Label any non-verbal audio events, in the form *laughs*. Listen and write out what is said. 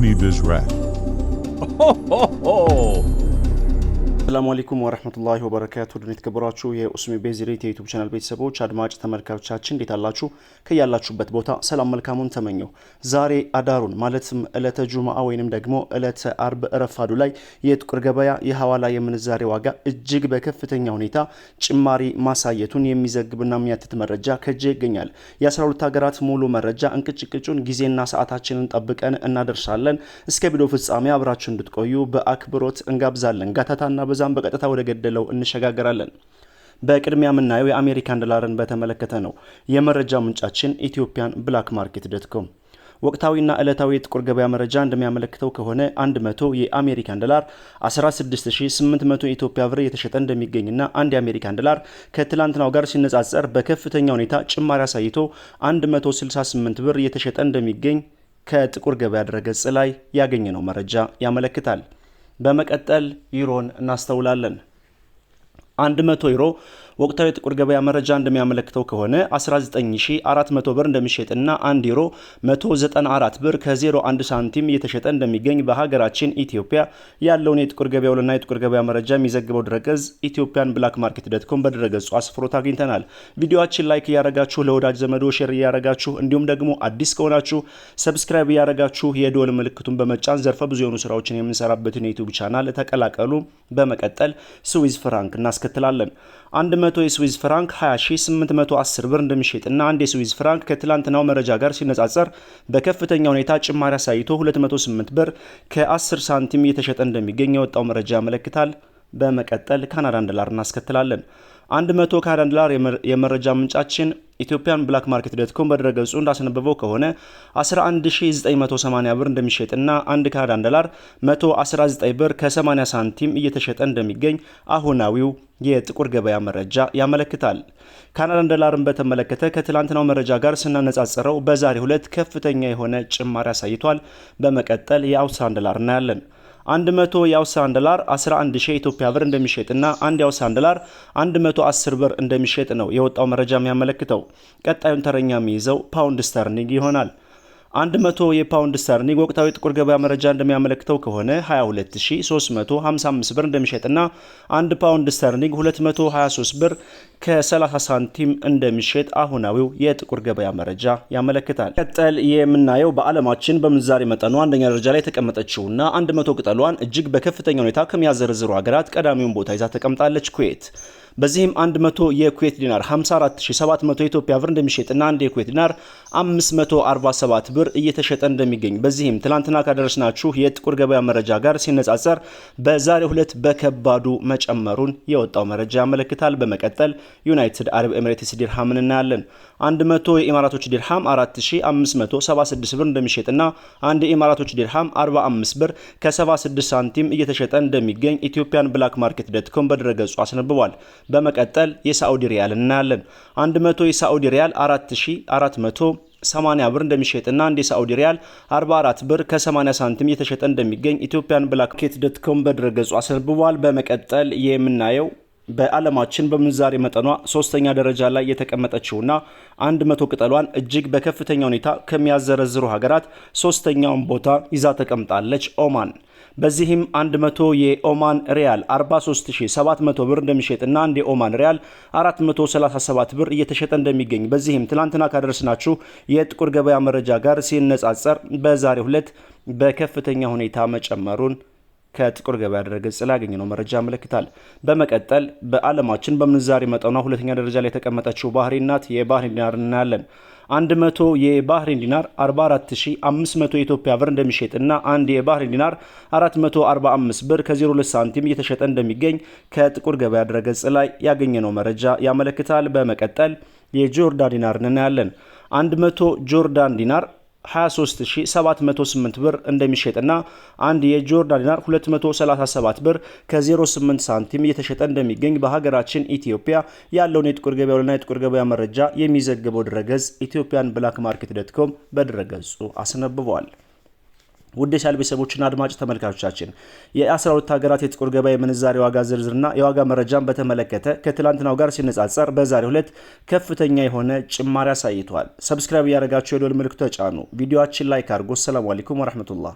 need this Vizrat. Oh, *laughs* ho, ho. አሰላሙ አለይኩም ወረህመቱላሂ ወበረካቱ ድን የተከበራችሁ የኡስሚ ቤዝሬት የዩቱብ ቻናል ቤተሰቦች አድማጭ ተመልካቾቻችን እንዴት አላችሁ? ከያላችሁበት ቦታ ሰላም መልካሙን ተመኘው። ዛሬ አዳሩን ማለትም ዕለተ ጁምአ ወይንም ደግሞ ዕለተ አርብ ረፋዱ ላይ የጥቁር ገበያ የሐዋላ የምንዛሬ ዋጋ እጅግ በከፍተኛ ሁኔታ ጭማሪ ማሳየቱን የሚዘግብና የሚያትት መረጃ ከእጄ ይገኛል። የ12 ሀገራት ሙሉ መረጃ እንቅጭቅጩን ጊዜና ሰዓታችንን ጠብቀን እናደርሳለን። እስከ ቪዲዮ ፍጻሜ አብራችሁ እንድትቆዩ በአክብሮት እንጋብዛለን። ጋታታና ከዛም በቀጥታ ወደ ገደለው እንሸጋገራለን። በቅድሚያ የምናየው የአሜሪካን ዶላርን በተመለከተ ነው። የመረጃ ምንጫችን ኢትዮጵያን ብላክ ማርኬት ዶትኮም ወቅታዊና ዕለታዊ የጥቁር ገበያ መረጃ እንደሚያመለክተው ከሆነ 100 የአሜሪካን ዶላር 16800 ኢትዮጵያ ብር የተሸጠ እንደሚገኝና አንድ የአሜሪካን ዶላር ከትላንትናው ጋር ሲነጻጸር በከፍተኛ ሁኔታ ጭማሪ አሳይቶ 168 ብር የተሸጠ እንደሚገኝ ከጥቁር ገበያ ድረገጽ ላይ ያገኘነው መረጃ ያመለክታል። በመቀጠል ዩሮን እናስተውላለን። 100 ዩሮ ወቅታዊ የጥቁር ገበያ መረጃ እንደሚያመለክተው ከሆነ 19400 ብር እንደሚሸጥና 1 ዩሮ 194 ብር ከ01 ሳንቲም እየተሸጠ እንደሚገኝ በሀገራችን ኢትዮጵያ ያለውን የጥቁር ገበያ ውልና የጥቁር ገበያ መረጃ የሚዘግበው ድረገጽ ኢትዮጵያን ብላክ ማርኬት ዶትኮም በድረገጹ አስፍሮት አግኝተናል። ቪዲዮችን ላይክ እያረጋችሁ ለወዳጅ ዘመዶ ሼር እያረጋችሁ እንዲሁም ደግሞ አዲስ ከሆናችሁ ሰብስክራይብ እያረጋችሁ የዶል ምልክቱን በመጫን ዘርፈ ብዙ የሆኑ ስራዎችን የምንሰራበትን የዩቲዩብ ቻናል ተቀላቀሉ። በመቀጠል ስዊዝ ፍራንክ እናስከትላለን። 100 የስዊዝ ፍራንክ 20810 ብር እንደሚሸጥና አንድ የስዊዝ ፍራንክ ከትላንትናው መረጃ ጋር ሲነጻጸር በከፍተኛ ሁኔታ ጭማሪ አሳይቶ 208 ብር ከ10 ሳንቲም እየተሸጠ እንደሚገኝ የወጣው መረጃ ያመለክታል። በመቀጠል ካናዳን ዶላር እናስከትላለን። 100 ካናዳን ዶላር የመረጃ ምንጫችን ኢትዮጵያን ብላክ ማርኬት ዶት ኮም በድረገጹ እንዳስነበበው ከሆነ 11980 ብር እንደሚሸጥና 1 ካናዳን ዶላር 119 ብር ከ80 ሳንቲም እየተሸጠ እንደሚገኝ አሁናዊው የጥቁር ገበያ መረጃ ያመለክታል። ካናዳን ዶላርን በተመለከተ ከትላንትናው መረጃ ጋር ስናነጻጽረው በዛሬው ዕለት ከፍተኛ የሆነ ጭማሪ አሳይቷል። በመቀጠል የአውስትራሊያን ዶላር እናያለን። 100 የአውሳን ዶላር 11 ሺህ የኢትዮጵያ ብር እንደሚሸጥና አንድ የአውሳን ዶላር 110 ብር እንደሚሸጥ ነው የወጣው መረጃ የሚያመለክተው። ቀጣዩን ተረኛ የሚይዘው ፓውንድ ስተርሊንግ ይሆናል። 100 የፓውንድ ስተርሊንግ ወቅታዊ ጥቁር ገበያ መረጃ እንደሚያመለክተው ከሆነ 22355 ብር እንደሚሸጥና 1 ፓውንድ ስተርሊንግ 223 ብር ከ30 ሳንቲም እንደሚሸጥ አሁናዊው የጥቁር ገበያ መረጃ ያመለክታል። ቀጠል የምናየው በዓለማችን በምንዛሬ መጠኑ አንደኛ ደረጃ ላይ የተቀመጠችውና 100 ቅጠሏን እጅግ በከፍተኛ ሁኔታ ከሚያዘረዝሩ ሀገራት ቀዳሚውን ቦታ ይዛ ተቀምጣለች ኩዌት በዚህም 100 የኩዌት ዲናር 54700 የኢትዮጵያ ብር እንደሚሸጥና አንድ የኩዌት ዲናር 547 ብር እየተሸጠ እንደሚገኝ በዚህም ትላንትና ካደረስናችሁ የጥቁር ገበያ መረጃ ጋር ሲነጻጸር በዛሬው ዕለት በከባዱ መጨመሩን የወጣው መረጃ ያመለክታል። በመቀጠል ዩናይትድ አረብ ኤምሬትስ ዲርሃምን እናያለን። 100 የኢማራቶች ዲርሃም 4576 ብር እንደሚሸጥና አንድ የኢማራቶች ዲርሃም 45 ብር ከ76 ሳንቲም እየተሸጠ እንደሚገኝ ኢትዮጵያን ብላክ ማርኬት ዶት ኮም በድረገጹ አስነብቧል። በመቀጠል የሳዑዲ ሪያል እናያለን። 100 የሳዑዲ ሪያል 4480 80 ብር እንደሚሸጥና አንድ የሳዑዲ ሪያል 44 ብር ከ80 ሳንቲም እየተሸጠ እንደሚገኝ ኢትዮጵያን ብላክኬት ዶት ኮም በድረገጹ አስነብቧል። በመቀጠል የምናየው በዓለማችን በምንዛሬ መጠኗ ሶስተኛ ደረጃ ላይ የተቀመጠችውና አንድ መቶ ቅጠሏን እጅግ በከፍተኛ ሁኔታ ከሚያዘረዝሩ ሀገራት ሶስተኛውን ቦታ ይዛ ተቀምጣለች ኦማን። በዚህም 100 የኦማን ሪያል 43700 ብር እንደሚሸጥና አንድ የኦማን ሪያል 437 ብር እየተሸጠ እንደሚገኝ በዚህም ትናንትና ካደረስናችሁ የጥቁር ገበያ መረጃ ጋር ሲነጻጸር በዛሬው ዕለት በከፍተኛ ሁኔታ መጨመሩን ከጥቁር ገበያ ድረገጽ ላይ ያገኘነው መረጃ ያመለክታል። በመቀጠል በዓለማችን በምንዛሬ መጠኗ ሁለተኛ ደረጃ ላይ የተቀመጠችው ባህሬን ናት። የባህሬን ዲናር እናያለን። 100 የባህሬን ዲናር 44500 የኢትዮጵያ ብር እንደሚሸጥና አንድ የባህሬን ዲናር 445 ብር ከ02 ሳንቲም እየተሸጠ እንደሚገኝ ከጥቁር ገበያ ድረገጽ ላይ ያገኘነው መረጃ ያመለክታል። በመቀጠል የጆርዳን ዲናር እናያለን። 100 ጆርዳን ዲናር 23708 ብር እንደሚሸጥና አንድ የጆርዳን ዲናር 237 ብር ከ08 ሳንቲም እየተሸጠ እንደሚገኝ በሀገራችን ኢትዮጵያ ያለውን የጥቁር ገበያውንና የጥቁር ገበያ መረጃ የሚዘግበው ድረገጽ ኢትዮጵያን ብላክ ማርኬት ዶት ኮም በድረገጹ አስነብቧል። ውድ የቻናል ቤተሰቦችና አድማጭ ተመልካቾቻችን የ12 ሀገራት የጥቁር ገበያ የምንዛሬ ዋጋ ዝርዝርና የዋጋ መረጃን በተመለከተ ከትላንትናው ጋር ሲነጻጸር በዛሬው ዕለት ከፍተኛ የሆነ ጭማሪ አሳይቷል። ሰብስክራይብ እያደረጋችሁ የዶል ምልክቱ ተጫኑ። ቪዲዮችን ላይክ አድርጎ። ሰላም አለይኩም ወረህመቱላህ